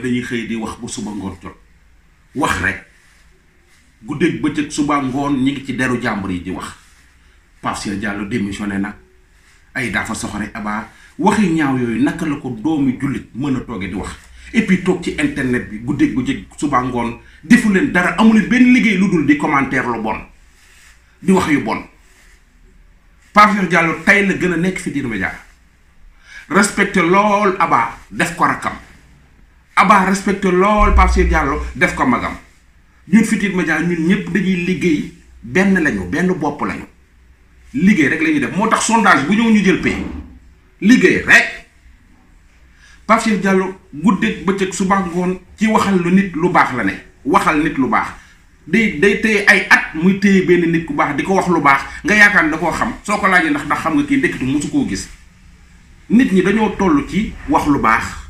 ne dañuy xëy di wax ba suba ngoon jot wax rek guddeeg bëccëg suba ngoon ñi ngi ci deru jàmbur yi di wax Pape Sire Diallo démissionné na ay dafa soxore abaa waxi ñaaw yooyu naka la ko doomi jullit mën a tooge di wax et toog ci internet bi guddeeg bëccëg suba ngoon defu leen dara amuleen benn liggéey lu dul di commentaire lu bon di wax yu bon Pape Sire tey la gën a nekk fi Futurs Médias respecté lool abaa def ko rakkam Abah respecte lol Pape Cheikh Diallo def ko magam ñun ma jaar ñun ñepp dañuy liggéey ben lañu ben bop lañu liggéey rek lañuy def motax sondage bu ñu ñu jël pay liggéey rek Pape Cheikh Diallo guddeeg bëccëg suba ngoon ci waxal lu nit lu bax la ne waxal nit lu bax day day tey ay at muy tey ben nit ku bax di ko wax lu bax nga yaakaar da ko xam soko ko ndax ndax xam nga kii dëkkitu mosu koo gis nit ñi dañoo tollu ci wax lu bax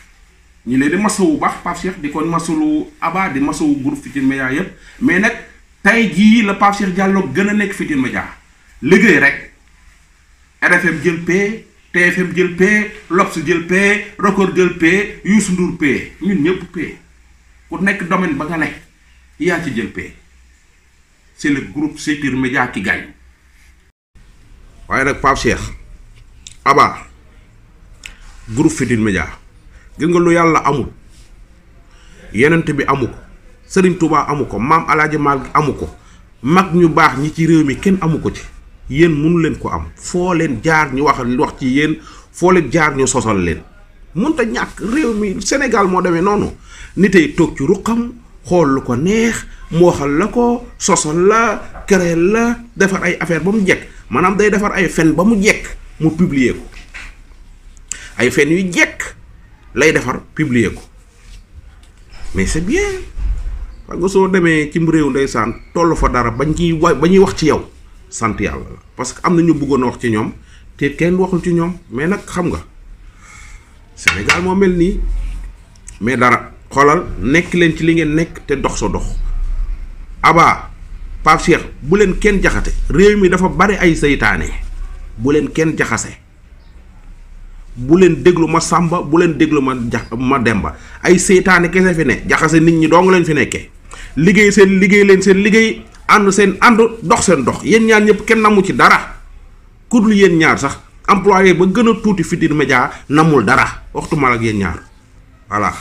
ñi leen di masso bu baax Pape Cheikh di kon lu Aba di masso bu groupe Futurs media yeb mais nak tay gi le Pape Cheikh Diallo gëna nek nekk media liguey rek RFM jël p TFM jël p lops jël p Record jël p yous Ndour p ñun ñepp p ku nek domaine ba nga nek ya ci jël p c'est le groupe secteur media ki gagne waye nak Pape Cheikh Aba groupe Futurs media gis yàlla amul yenent bi amu ko sëriñ tubaa amu ko maam alaaji maal amu ko mag ñu baax ñi ci réew mi kenn amu ko ci yéen mënu leen ko am foo leen jaar ñu wax wax ci yéen foo leen jaar ñu sosal leen mënta ñàkk réew mi Sénégal moo demee noonu nitey toog ci ruqam xool lu ko neex mu waxal la ko sosal la kereel la defar ay affaire ba mu jekk maanaam day defar ay fen ba mu jekk mu publier ko ay fen yu jekk lay defar publier ko mais c'est bien parce que soo demee cim réew ndeysaan toll fa dara bañ ciy wa ba ñuy wax ci yow sant yàlla la parce que am na ñu bëggoon a wax ci ñoom te kenn waxul ci ñoom mais nag xam nga Sénégal moo mel nii mais dara xoolal nekk leen ci li ngeen nekk te dox sa dox Aba Pape bu leen kenn jaxate réew mi dafa bari ay saytaane bu leen kenn jaxase bu leen déglu ma sàmba bu leen déglu ma ja ma demba ay seytaane kese fi ne jaxase nit ñi dong leen fi nekkee liggéey seen liggéey leen seen liggéey ànd seen ànd dox seen dox yéen ñaar ñëpp kenn namu ci dara ku dul yéen ñaar sax employé ba gën a tuuti Futurs Médias namul dara waxtuma ak yéen ñaar voilà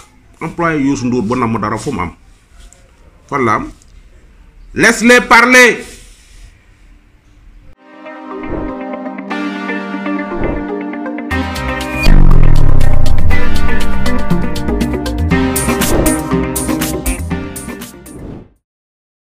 employé Youssou Ndour ba nam dara fu mu am fan la am laisse-les